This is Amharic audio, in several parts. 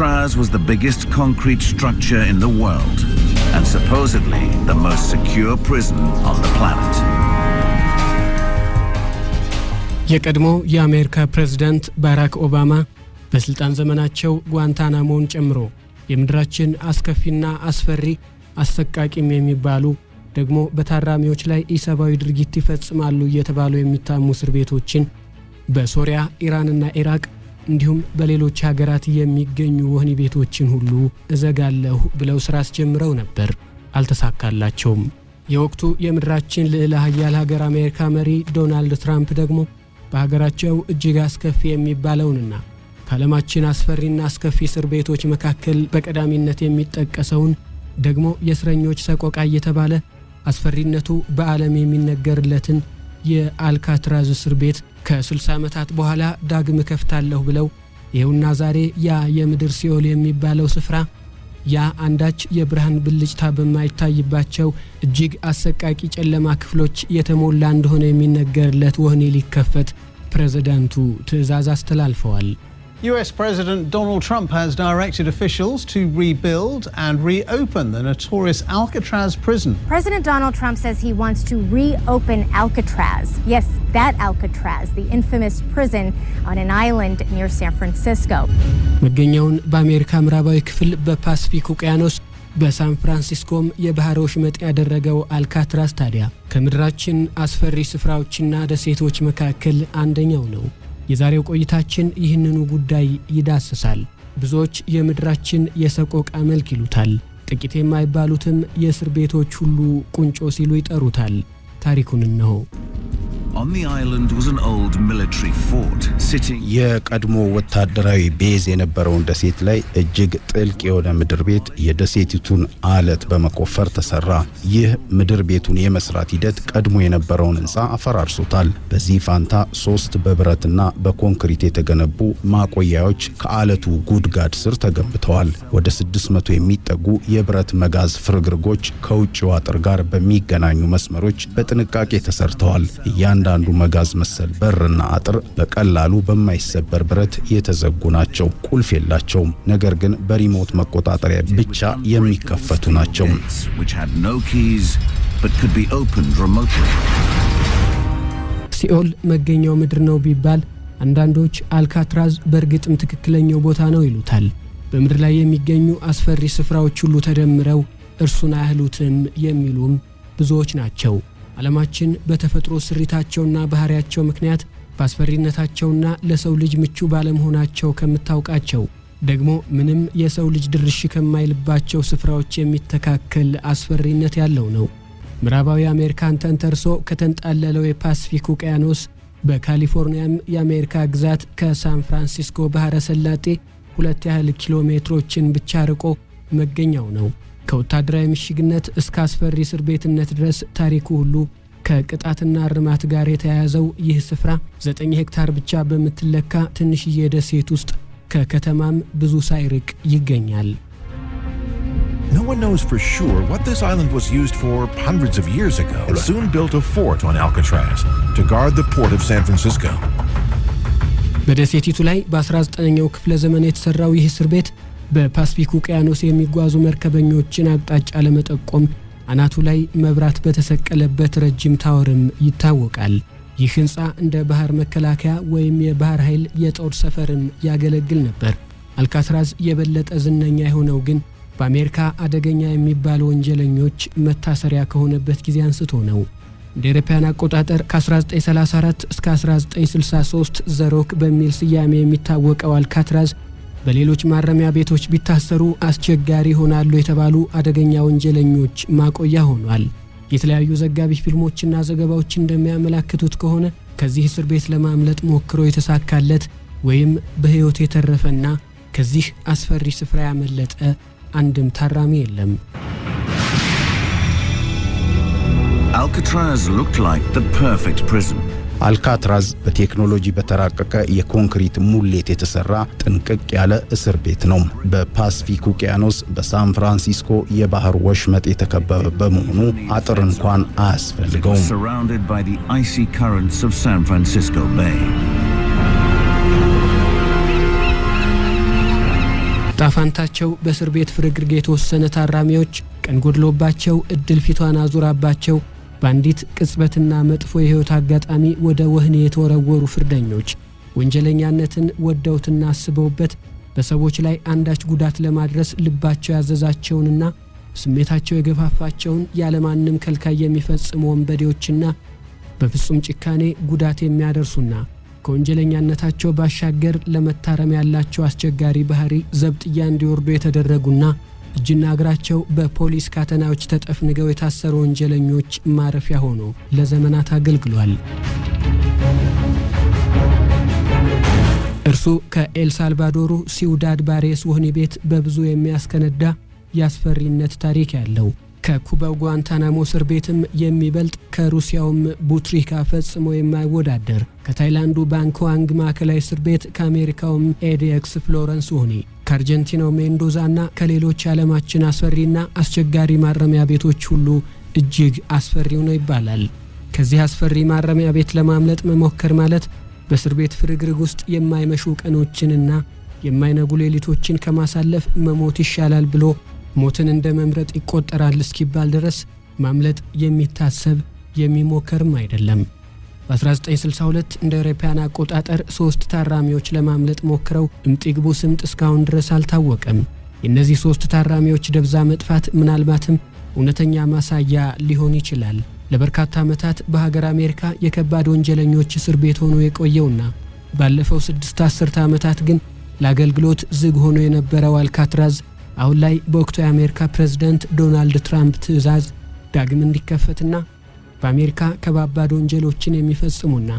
Alcatraz was the biggest concrete structure in the world and supposedly the most secure prison on the planet. የቀድሞ የአሜሪካ ፕሬዝዳንት ባራክ ኦባማ በስልጣን ዘመናቸው ጓንታናሞን ጨምሮ የምድራችን አስከፊና አስፈሪ አሰቃቂም የሚባሉ ደግሞ በታራሚዎች ላይ ኢሰብአዊ ድርጊት ይፈጽማሉ እየተባሉ የሚታሙ እስር ቤቶችን በሶሪያ፣ ኢራንና ኢራቅ እንዲሁም በሌሎች ሀገራት የሚገኙ ወህኒ ቤቶችን ሁሉ እዘጋለሁ ብለው ስራ አስጀምረው ነበር። አልተሳካላቸውም። የወቅቱ የምድራችን ልዕለ ኃያል ሀገር አሜሪካ መሪ ዶናልድ ትራምፕ ደግሞ በሀገራቸው እጅግ አስከፊ የሚባለውንና ከዓለማችን አስፈሪና አስከፊ እስር ቤቶች መካከል በቀዳሚነት የሚጠቀሰውን ደግሞ የእስረኞች ሰቆቃ እየተባለ አስፈሪነቱ በዓለም የሚነገርለትን የአልካትራዝ እስር ቤት ከ60 ዓመታት በኋላ ዳግም እከፍታለሁ ብለው ይኸውና ዛሬ ያ የምድር ሲኦል የሚባለው ስፍራ ያ አንዳች የብርሃን ብልጭታ በማይታይባቸው እጅግ አሰቃቂ ጨለማ ክፍሎች የተሞላ እንደሆነ የሚነገርለት ወህኒ ሊከፈት ፕሬዝዳንቱ ትዕዛዝ አስተላልፈዋል። US President Donald Trump has directed officials to rebuild and reopen the notorious Alcatraz prison. President Donald Trump says he wants to reopen Alcatraz. Yes, that Alcatraz, the infamous prison on an island near San Francisco. መገኛውን በአሜሪካ ምዕራባዊ ክፍል በፓስፊክ ውቅያኖስ በሳን ፍራንሲስኮም የባህር ወሽመጥ ያደረገው አልካትራስ ታዲያ ከምድራችን አስፈሪ ስፍራዎችና ደሴቶች መካከል አንደኛው ነው። የዛሬው ቆይታችን ይህንኑ ጉዳይ ይዳስሳል። ብዙዎች የምድራችን የሰቆቃ መልክ ይሉታል። ጥቂት የማይባሉትም የእስር ቤቶች ሁሉ ቁንጮ ሲሉ ይጠሩታል። ታሪኩን እነሆ። የቀድሞ ወታደራዊ ቤዝ የነበረውን ደሴት ላይ እጅግ ጥልቅ የሆነ ምድር ቤት የደሴቲቱን አለት በመቆፈር ተሰራ። ይህ ምድር ቤቱን የመስራት ሂደት ቀድሞ የነበረውን ህንፃ አፈራርሶታል። በዚህ ፋንታ ሶስት በብረትና በኮንክሪት የተገነቡ ማቆያዎች ከአለቱ ጉድጋድ ስር ተገንብተዋል። ወደ 600 የሚጠጉ የብረት መጋዝ ፍርግርጎች ከውጭው አጥር ጋር በሚገናኙ መስመሮች በጥንቃቄ ተሰርተዋል። እያንዳ እያንዳንዱ መጋዝ መሰል በርና አጥር በቀላሉ በማይሰበር ብረት የተዘጉ ናቸው። ቁልፍ የላቸውም፣ ነገር ግን በሪሞት መቆጣጠሪያ ብቻ የሚከፈቱ ናቸው። ሲኦል መገኛው ምድር ነው ቢባል አንዳንዶች አልካትራዝ በእርግጥም ትክክለኛው ቦታ ነው ይሉታል። በምድር ላይ የሚገኙ አስፈሪ ስፍራዎች ሁሉ ተደምረው እርሱን አያህሉትም የሚሉም ብዙዎች ናቸው። ዓለማችን በተፈጥሮ ስሪታቸውና ባህሪያቸው ምክንያት በአስፈሪነታቸውና ለሰው ልጅ ምቹ ባለመሆናቸው ከምታውቃቸው ደግሞ ምንም የሰው ልጅ ድርሽ ከማይልባቸው ስፍራዎች የሚተካከል አስፈሪነት ያለው ነው። ምዕራባዊ አሜሪካን ተንተርሶ ከተንጣለለው የፓስፊክ ውቅያኖስ በካሊፎርኒያም የአሜሪካ ግዛት ከሳን ፍራንሲስኮ ባሕረ ሰላጤ ሁለት ያህል ኪሎ ሜትሮችን ብቻ ርቆ መገኛው ነው። ከወታደራዊ ምሽግነት እስከ አስፈሪ እስር ቤትነት ድረስ ታሪኩ ሁሉ ከቅጣትና እርማት ጋር የተያያዘው ይህ ስፍራ ዘጠኝ ሄክታር ብቻ በምትለካ ትንሽዬ ደሴት ውስጥ ከከተማም ብዙ ሳይርቅ ይገኛል። No one knows for sure what this island was used for hundreds of years ago. It soon built a fort on Alcatraz to guard the port of San Francisco. በደሴቲቱ ላይ በ19ኛው ክፍለ ዘመን የተሰራው ይህ እስር ቤት በፓስፊክ ውቅያኖስ የሚጓዙ መርከበኞችን አቅጣጫ ለመጠቆም አናቱ ላይ መብራት በተሰቀለበት ረጅም ታወርም ይታወቃል። ይህ ሕንፃ እንደ ባህር መከላከያ ወይም የባህር ኃይል የጦር ሰፈርም ያገለግል ነበር። አልካትራዝ የበለጠ ዝነኛ የሆነው ግን በአሜሪካ አደገኛ የሚባሉ ወንጀለኞች መታሰሪያ ከሆነበት ጊዜ አንስቶ ነው። እንደ አውሮፓውያን አቆጣጠር ከ1934 እስከ 1963 ዘሮክ በሚል ስያሜ የሚታወቀው አልካትራዝ በሌሎች ማረሚያ ቤቶች ቢታሰሩ አስቸጋሪ ይሆናሉ የተባሉ አደገኛ ወንጀለኞች ማቆያ ሆኗል። የተለያዩ ዘጋቢ ፊልሞችና ዘገባዎች እንደሚያመላክቱት ከሆነ ከዚህ እስር ቤት ለማምለጥ ሞክሮ የተሳካለት ወይም በሕይወት የተረፈና ከዚህ አስፈሪ ስፍራ ያመለጠ አንድም ታራሚ የለም። Alcatraz looked አልካትራዝ በቴክኖሎጂ በተራቀቀ የኮንክሪት ሙሌት የተሰራ ጥንቅቅ ያለ እስር ቤት ነው። በፓስፊክ ውቅያኖስ በሳን ፍራንሲስኮ የባህር ወሽመጥ የተከበበ በመሆኑ አጥር እንኳን አያስፈልገውም። ጣፋንታቸው በእስር ቤት ፍርግርግ የተወሰነ ታራሚዎች ቀን ጎድሎባቸው እድል ፊቷን አዙራባቸው በአንዲት ቅጽበትና መጥፎ የሕይወት አጋጣሚ ወደ ወህኒ የተወረወሩ ፍርደኞች ወንጀለኛነትን ወደውትና አስበውበት በሰዎች ላይ አንዳች ጉዳት ለማድረስ ልባቸው ያዘዛቸውንና ስሜታቸው የገፋፋቸውን ያለማንም ከልካይ የሚፈጽሙ ወንበዴዎችና በፍጹም ጭካኔ ጉዳት የሚያደርሱና ከወንጀለኛነታቸው ባሻገር ለመታረም ያላቸው አስቸጋሪ ባህሪ ዘብጥያ እንዲወርዱ የተደረጉና እጅና እግራቸው በፖሊስ ካተናዎች ተጠፍንገው የታሰሩ ወንጀለኞች ማረፊያ ሆኖ ለዘመናት አገልግሏል። እርሱ ከኤልሳልቫዶሩ ሲውዳድ ባሬስ ወህኒ ቤት በብዙ የሚያስከነዳ የአስፈሪነት ታሪክ ያለው ከኩባው ጓንታናሞ እስር ቤትም የሚበልጥ ከሩሲያውም ቡትሪካ ፈጽሞ የማይወዳደር ከታይላንዱ ባንኮዋንግ ማዕከላዊ እስር ቤት ከአሜሪካውም ኤዲኤክስ ፍሎረንስ ወህኒ ከአርጀንቲናው ሜንዶዛና ከሌሎች የዓለማችን አስፈሪና አስቸጋሪ ማረሚያ ቤቶች ሁሉ እጅግ አስፈሪው ነው ይባላል። ከዚህ አስፈሪ ማረሚያ ቤት ለማምለጥ መሞከር ማለት በእስር ቤት ፍርግርግ ውስጥ የማይመሹ ቀኖችንና የማይነጉ ሌሊቶችን ከማሳለፍ መሞት ይሻላል ብሎ ሞትን እንደ መምረጥ ይቆጠራል እስኪባል ድረስ ማምለጥ የሚታሰብ የሚሞከርም አይደለም። በ1962 እንደ አውሮፓውያን አቆጣጠር ሶስት ታራሚዎች ለማምለጥ ሞክረው እምጥግቡ ስምጥ እስካሁን ድረስ አልታወቀም። የእነዚህ ሶስት ታራሚዎች ደብዛ መጥፋት ምናልባትም እውነተኛ ማሳያ ሊሆን ይችላል። ለበርካታ ዓመታት በሀገር አሜሪካ የከባድ ወንጀለኞች እስር ቤት ሆኖ የቆየውና ባለፈው ስድስት አስርተ ዓመታት ግን ለአገልግሎት ዝግ ሆኖ የነበረው አልካትራዝ አሁን ላይ በወቅቱ የአሜሪካ ፕሬዝደንት ዶናልድ ትራምፕ ትዕዛዝ ዳግም እንዲከፈትና በአሜሪካ ከባባድ ወንጀሎችን የሚፈጽሙና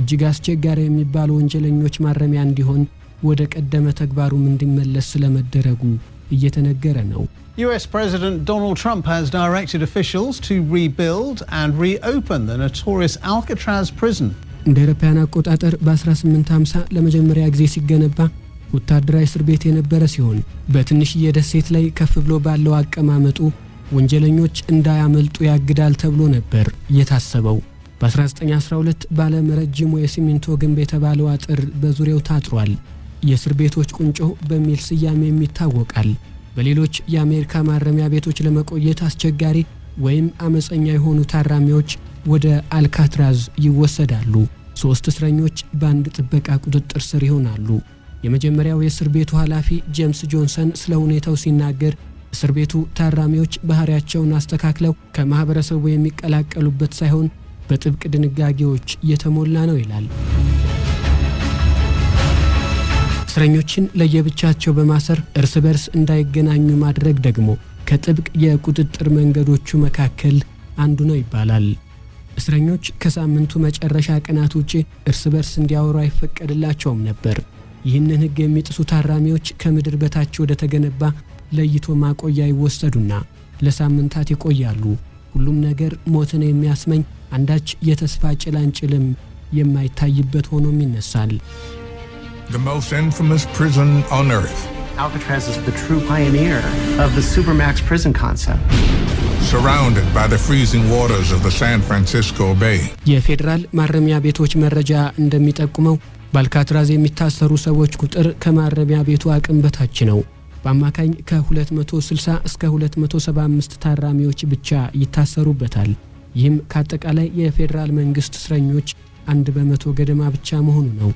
እጅግ አስቸጋሪ የሚባሉ ወንጀለኞች ማረሚያ እንዲሆን ወደ ቀደመ ተግባሩም እንዲመለስ ስለመደረጉ እየተነገረ ነው። US President Donald Trump has directed officials to rebuild and reopen the notorious Alcatraz prison. እንደ አውሮፓውያን አቆጣጠር በ1850 ለመጀመሪያ ጊዜ ሲገነባ ወታደራዊ እስር ቤት የነበረ ሲሆን በትንሽዬ ደሴት ላይ ከፍ ብሎ ባለው አቀማመጡ ወንጀለኞች እንዳያመልጡ ያግዳል ተብሎ ነበር የታሰበው። በ1912 ባለም ረጅሙ የሲሚንቶ ግንብ የተባለው አጥር በዙሪያው ታጥሯል። የእስር ቤቶች ቁንጮ በሚል ስያሜም ይታወቃል። በሌሎች የአሜሪካ ማረሚያ ቤቶች ለመቆየት አስቸጋሪ ወይም አመፀኛ የሆኑ ታራሚዎች ወደ አልካትራዝ ይወሰዳሉ። ሦስት እስረኞች በአንድ ጥበቃ ቁጥጥር ስር ይሆናሉ። የመጀመሪያው የእስር ቤቱ ኃላፊ ጄምስ ጆንሰን ስለ ሁኔታው ሲናገር እስር ቤቱ ታራሚዎች ባህሪያቸውን አስተካክለው ከማኅበረሰቡ የሚቀላቀሉበት ሳይሆን በጥብቅ ድንጋጌዎች የተሞላ ነው ይላል። እስረኞችን ለየብቻቸው በማሰር እርስ በርስ እንዳይገናኙ ማድረግ ደግሞ ከጥብቅ የቁጥጥር መንገዶቹ መካከል አንዱ ነው ይባላል። እስረኞች ከሳምንቱ መጨረሻ ቀናት ውጪ እርስ በርስ እንዲያወሩ አይፈቀድላቸውም ነበር። ይህንን ሕግ የሚጥሱ ታራሚዎች ከምድር በታች ወደ ተገነባ ለይቶ ማቆያ ይወሰዱና ለሳምንታት ይቆያሉ። ሁሉም ነገር ሞትን የሚያስመኝ አንዳች የተስፋ ጭላንጭልም የማይታይበት ሆኖም ይነሳል። The most infamous prison on earth. Alcatraz is the true pioneer of the supermax prison concept. Surrounded by the freezing waters of the San Francisco Bay. የፌዴራል ማረሚያ ቤቶች መረጃ እንደሚጠቁመው በአልካትራዝ የሚታሰሩ ሰዎች ቁጥር ከማረሚያ ቤቱ አቅም በታች ነው። በአማካኝ ከ260 እስከ 275 ታራሚዎች ብቻ ይታሰሩበታል። ይህም ከአጠቃላይ የፌዴራል መንግስት እስረኞች አንድ በመቶ ገደማ ብቻ መሆኑ ነው።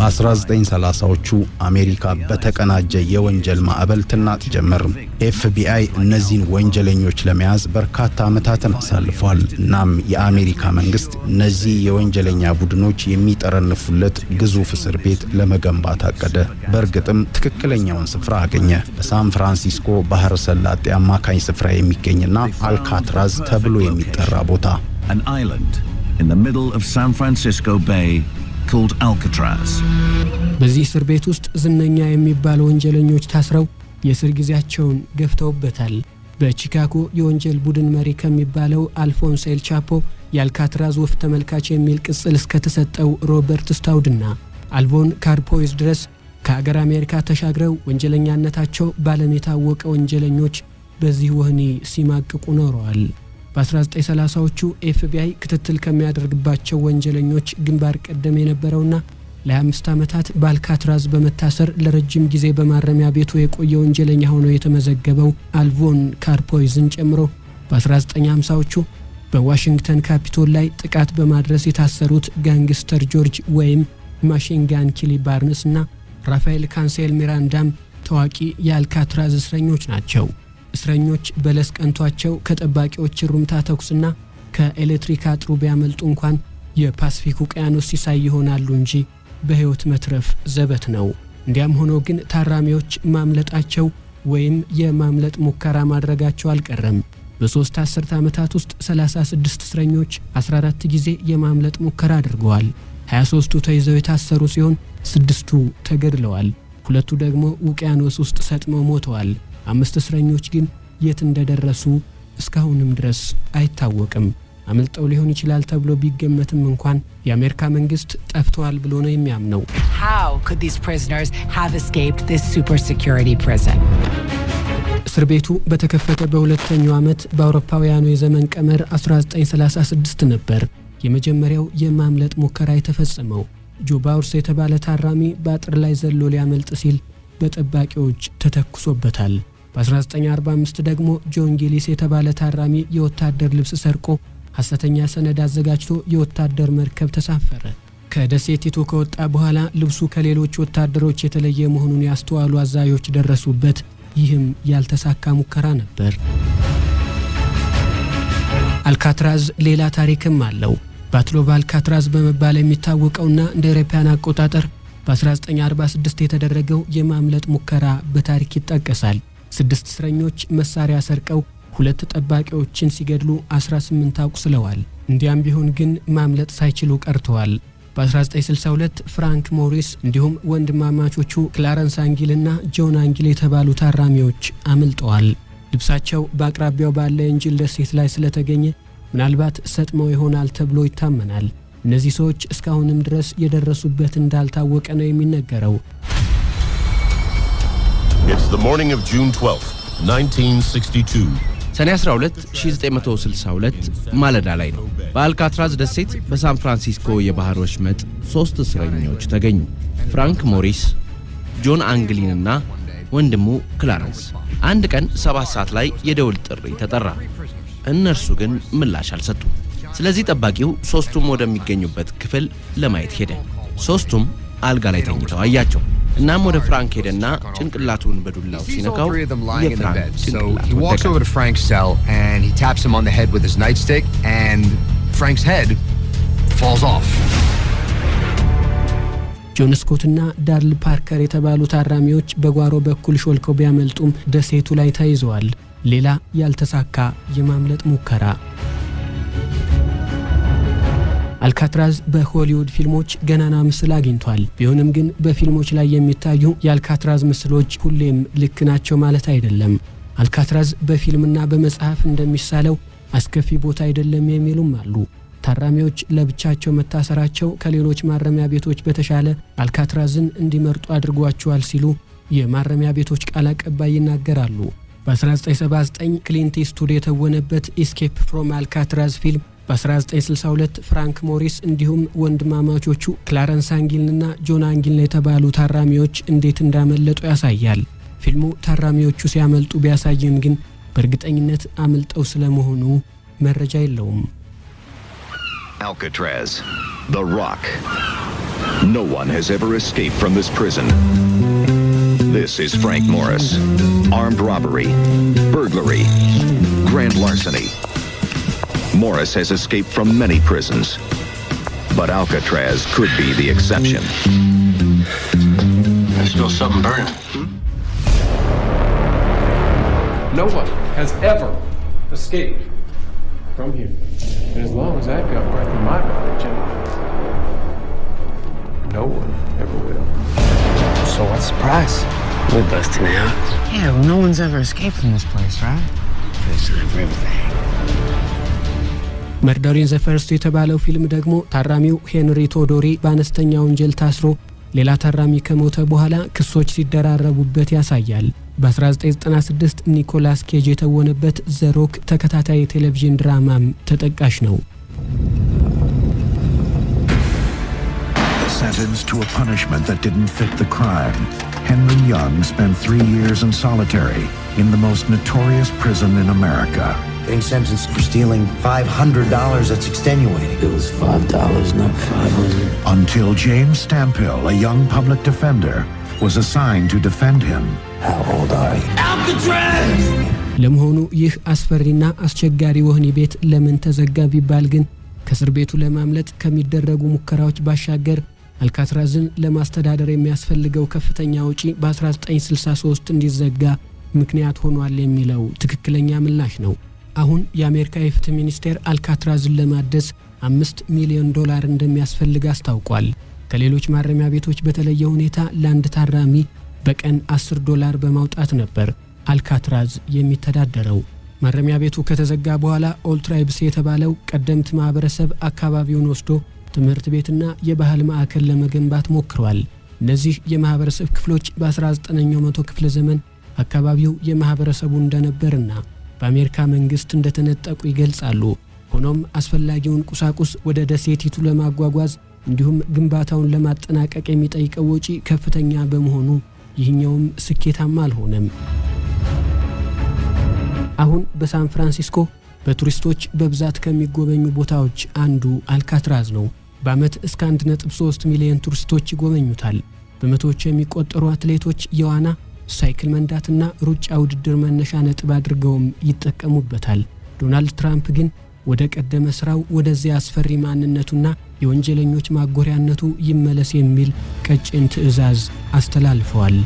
በ1930ዎቹ አሜሪካ በተቀናጀ የወንጀል ማዕበል ትናጥ ጀመር። ኤፍቢአይ እነዚህን ወንጀለኞች ለመያዝ በርካታ ዓመታትን አሳልፏል። እናም የአሜሪካ መንግስት እነዚህ የወንጀለኛ ቡድኖች የሚጠረንፉለት ግዙፍ እስር ቤት ለመገንባት አቀደ። በእርግጥም ትክክለኛውን ስፍራ አገኘ። በሳን ፍራንሲስኮ ባህረ ሰላጤ አማካኝ ስፍራ የሚገኝና አልካትራዝ ተብሎ የሚጠራ ቦታ an island in the middle of San Francisco Bay called Alcatraz. በዚህ እስር ቤት ውስጥ ዝነኛ የሚባሉ ወንጀለኞች ታስረው የእስር ጊዜያቸውን ገፍተውበታል። በቺካጎ የወንጀል ቡድን መሪ ከሚባለው አልፎንስ ኤልቻፖ የአልካትራዝ ወፍ ተመልካች የሚል ቅጽል እስከተሰጠው ሮበርት ስታውድና አልቮን ካርፖይዝ ድረስ ከአገር አሜሪካ ተሻግረው ወንጀለኛነታቸው የታወቀ ወንጀለኞች በዚህ ወህኒ ሲማቅቁ ኖረዋል። በ1930ዎቹ ኤፍቢአይ ክትትል ከሚያደርግባቸው ወንጀለኞች ግንባር ቀደም የነበረውና ለ25 ዓመታት በአልካትራዝ በመታሰር ለረጅም ጊዜ በማረሚያ ቤቱ የቆየ ወንጀለኛ ሆኖ የተመዘገበው አልቮን ካርፖይዝን ጨምሮ በ1950ዎቹ በዋሽንግተን ካፒቶል ላይ ጥቃት በማድረስ የታሰሩት ጋንግስተር ጆርጅ ወይም ማሽንጋን ኪሊ ባርንስ እና ራፋኤል ካንሴል ሚራንዳም ታዋቂ የአልካትራዝ እስረኞች ናቸው። እስረኞች በለስ ቀንቷቸው ከጠባቂዎች ሩምታ ተኩስና ከኤሌክትሪክ አጥሩ ቢያመልጡ እንኳን የፓስፊክ ውቅያኖስ ሲሳይ ይሆናሉ እንጂ በሕይወት መትረፍ ዘበት ነው። እንዲያም ሆኖ ግን ታራሚዎች ማምለጣቸው ወይም የማምለጥ ሙከራ ማድረጋቸው አልቀረም። በሦስት አስርተ ዓመታት ውስጥ 36 እስረኞች 14 ጊዜ የማምለጥ ሙከራ አድርገዋል። 23ቱ ተይዘው የታሰሩ ሲሆን ስድስቱ ተገድለዋል። ሁለቱ ደግሞ ውቅያኖስ ውስጥ ሰጥመው ሞተዋል። አምስት እስረኞች ግን የት እንደደረሱ እስካሁንም ድረስ አይታወቅም። አምልጠው ሊሆን ይችላል ተብሎ ቢገመትም እንኳን የአሜሪካ መንግስት ጠፍተዋል ብሎ ነው የሚያምነው። እስር ቤቱ በተከፈተ በሁለተኛው ዓመት በአውሮፓውያኑ የዘመን ቀመር 1936 ነበር የመጀመሪያው የማምለጥ ሙከራ የተፈጸመው። ጆ ባውርስ የተባለ ታራሚ በአጥር ላይ ዘሎ ሊያመልጥ ሲል በጠባቂዎች ተተኩሶበታል። በ1945 ደግሞ ጆን ጌሊስ የተባለ ታራሚ የወታደር ልብስ ሰርቆ ሐሰተኛ ሰነድ አዘጋጅቶ የወታደር መርከብ ተሳፈረ። ከደሴቲቱ ከወጣ በኋላ ልብሱ ከሌሎች ወታደሮች የተለየ መሆኑን ያስተዋሉ አዛዦች ደረሱበት። ይህም ያልተሳካ ሙከራ ነበር። አልካትራዝ ሌላ ታሪክም አለው። ባትሎቭ አልካትራዝ በመባል የሚታወቀውና እንደ አውሮፓውያን አቆጣጠር በ1946 የተደረገው የማምለጥ ሙከራ በታሪክ ይጠቀሳል። ስድስት እስረኞች መሳሪያ ሰርቀው ሁለት ጠባቂዎችን ሲገድሉ 18 አቁስለዋል። እንዲያም ቢሆን ግን ማምለጥ ሳይችሉ ቀርተዋል። በ1962 ፍራንክ ሞሪስ እንዲሁም ወንድማማቾቹ ክላረንስ አንጊልና ጆን አንጊል የተባሉ ታራሚዎች አምልጠዋል። ልብሳቸው በአቅራቢያው ባለ የእንጅል ደሴት ላይ ስለተገኘ ምናልባት ሰጥመው ይሆናል ተብሎ ይታመናል። እነዚህ ሰዎች እስካሁንም ድረስ የደረሱበት እንዳልታወቀ ነው የሚነገረው። ሰኔ 12 1962 ማለዳ ላይ ነው። በአልካትራዝ ደሴት በሳን ፍራንሲስኮ የባህር ወሽመጥ ሦስት እስረኞች ተገኙ። ፍራንክ ሞሪስ፣ ጆን አንግሊን እና ወንድሙ ክላረንስ። አንድ ቀን ሰባት ሰዓት ላይ የደውል ጥሪ ተጠራ። እነርሱ ግን ምላሽ አልሰጡም። ስለዚህ ጠባቂው ሦስቱም ወደሚገኙበት ክፍል ለማየት ሄደ። ሦስቱም አልጋ ላይ ተኝተው አያቸው። እናም ወደ ፍራንክ ሄደና ጭንቅላቱን በዱላው ሲነካው የፍራንክ ጭንቅላት ወደቀ። ጆን ስኮትና ዳርል ፓርከር የተባሉ ታራሚዎች በጓሮ በኩል ሾልከው ቢያመልጡም ደሴቱ ላይ ተይዘዋል። ሌላ ያልተሳካ የማምለጥ ሙከራ አልካትራዝ በሆሊውድ ፊልሞች ገናና ምስል አግኝቷል። ቢሆንም ግን በፊልሞች ላይ የሚታዩ የአልካትራዝ ምስሎች ሁሌም ልክ ናቸው ማለት አይደለም። አልካትራዝ በፊልምና በመጽሐፍ እንደሚሳለው አስከፊ ቦታ አይደለም የሚሉም አሉ። ታራሚዎች ለብቻቸው መታሰራቸው ከሌሎች ማረሚያ ቤቶች በተሻለ አልካትራዝን እንዲመርጡ አድርጓቸዋል ሲሉ የማረሚያ ቤቶች ቃል አቀባይ ይናገራሉ። በ1979 ክሊንት ኢስትውድ የተወነበት ኢስኬፕ ፍሮም አልካትራዝ ፊልም በ1962 ፍራንክ ሞሪስ እንዲሁም ወንድማማቾቹ ክላረንስ አንጊልንና ጆን አንጊልን የተባሉ ታራሚዎች እንዴት እንዳመለጡ ያሳያል። ፊልሙ ታራሚዎቹ ሲያመልጡ ቢያሳይም ግን በእርግጠኝነት አምልጠው ስለመሆኑ መረጃ የለውም። አልካትራዝ ዘ ሮክ ኖ ዋን ሃዝ ኤቨር ኤስኬፕድ ፍሮም ዚስ ፕሪዝን ዚስ ኢዝ ፍራንክ ሞሪስ አርምድ ሮበሪ burglary grand larceny Morris has escaped from many prisons, but Alcatraz could be the exception. I smell something burning. Hmm? No one has ever escaped from here. And as long as I've got breath in my body, Jim, no one ever will. So what's the price? We're busting out. Yeah, well, no one's ever escaped from this place, right? First time for everything. መርደር ኢን ዘ ፈርስት የተባለው ፊልም ደግሞ ታራሚው ሄንሪ ቶዶሪ በአነስተኛ ወንጀል ታስሮ ሌላ ታራሚ ከሞተ በኋላ ክሶች ሲደራረቡበት ያሳያል። በ1996 ኒኮላስ ኬጅ የተወነበት ዘሮክ ተከታታይ የቴሌቪዥን ድራማም ተጠቃሽ ነው። Sentenced to a punishment that didn't fit the crime, Henry Young spent three years in solitary in the most notorious prison in America. being sentenced for stealing $500, that's extenuating. It was $5, not 500 Until James Stampill, a young public defender, was assigned to defend him. How old are you? Alcatraz! ለመሆኑ ይህ አስፈሪና አስቸጋሪ ወህኒ ቤት ለምን ተዘጋ ቢባል ግን ከእስር ቤቱ ለማምለጥ ከሚደረጉ ሙከራዎች ባሻገር አልካትራዝን ለማስተዳደር የሚያስፈልገው ከፍተኛ ውጪ በ1963 እንዲዘጋ ምክንያት ሆኗል የሚለው ትክክለኛ ምላሽ ነው። አሁን የአሜሪካ የፍትህ ሚኒስቴር አልካትራዝን ለማደስ አምስት ሚሊዮን ዶላር እንደሚያስፈልግ አስታውቋል። ከሌሎች ማረሚያ ቤቶች በተለየ ሁኔታ ለአንድ ታራሚ በቀን 10 ዶላር በማውጣት ነበር አልካትራዝ የሚተዳደረው። ማረሚያ ቤቱ ከተዘጋ በኋላ ኦልትራይብስ የተባለው ቀደምት ማኅበረሰብ አካባቢውን ወስዶ ትምህርት ቤትና የባህል ማዕከል ለመገንባት ሞክሯል። እነዚህ የማኅበረሰብ ክፍሎች በ19ኛው መቶ ክፍለ ዘመን አካባቢው የማኅበረሰቡ እንደነበርና በአሜሪካ መንግስት እንደተነጠቁ ይገልጻሉ። ሆኖም አስፈላጊውን ቁሳቁስ ወደ ደሴቲቱ ለማጓጓዝ እንዲሁም ግንባታውን ለማጠናቀቅ የሚጠይቀው ወጪ ከፍተኛ በመሆኑ ይህኛውም ስኬታማ አልሆነም። አሁን በሳን ፍራንሲስኮ በቱሪስቶች በብዛት ከሚጎበኙ ቦታዎች አንዱ አልካትራዝ ነው። በዓመት እስከ 1.3 ሚሊዮን ቱሪስቶች ይጎበኙታል። በመቶዎች የሚቆጠሩ አትሌቶች የዋና ሳይክል መንዳትና ሩጫ ውድድር መነሻ ነጥብ አድርገውም ይጠቀሙበታል። ዶናልድ ትራምፕ ግን ወደ ቀደመ ስራው ወደዚያ አስፈሪ ማንነቱና የወንጀለኞች ማጎሪያነቱ ይመለስ የሚል ቀጭን ትዕዛዝ አስተላልፈዋል።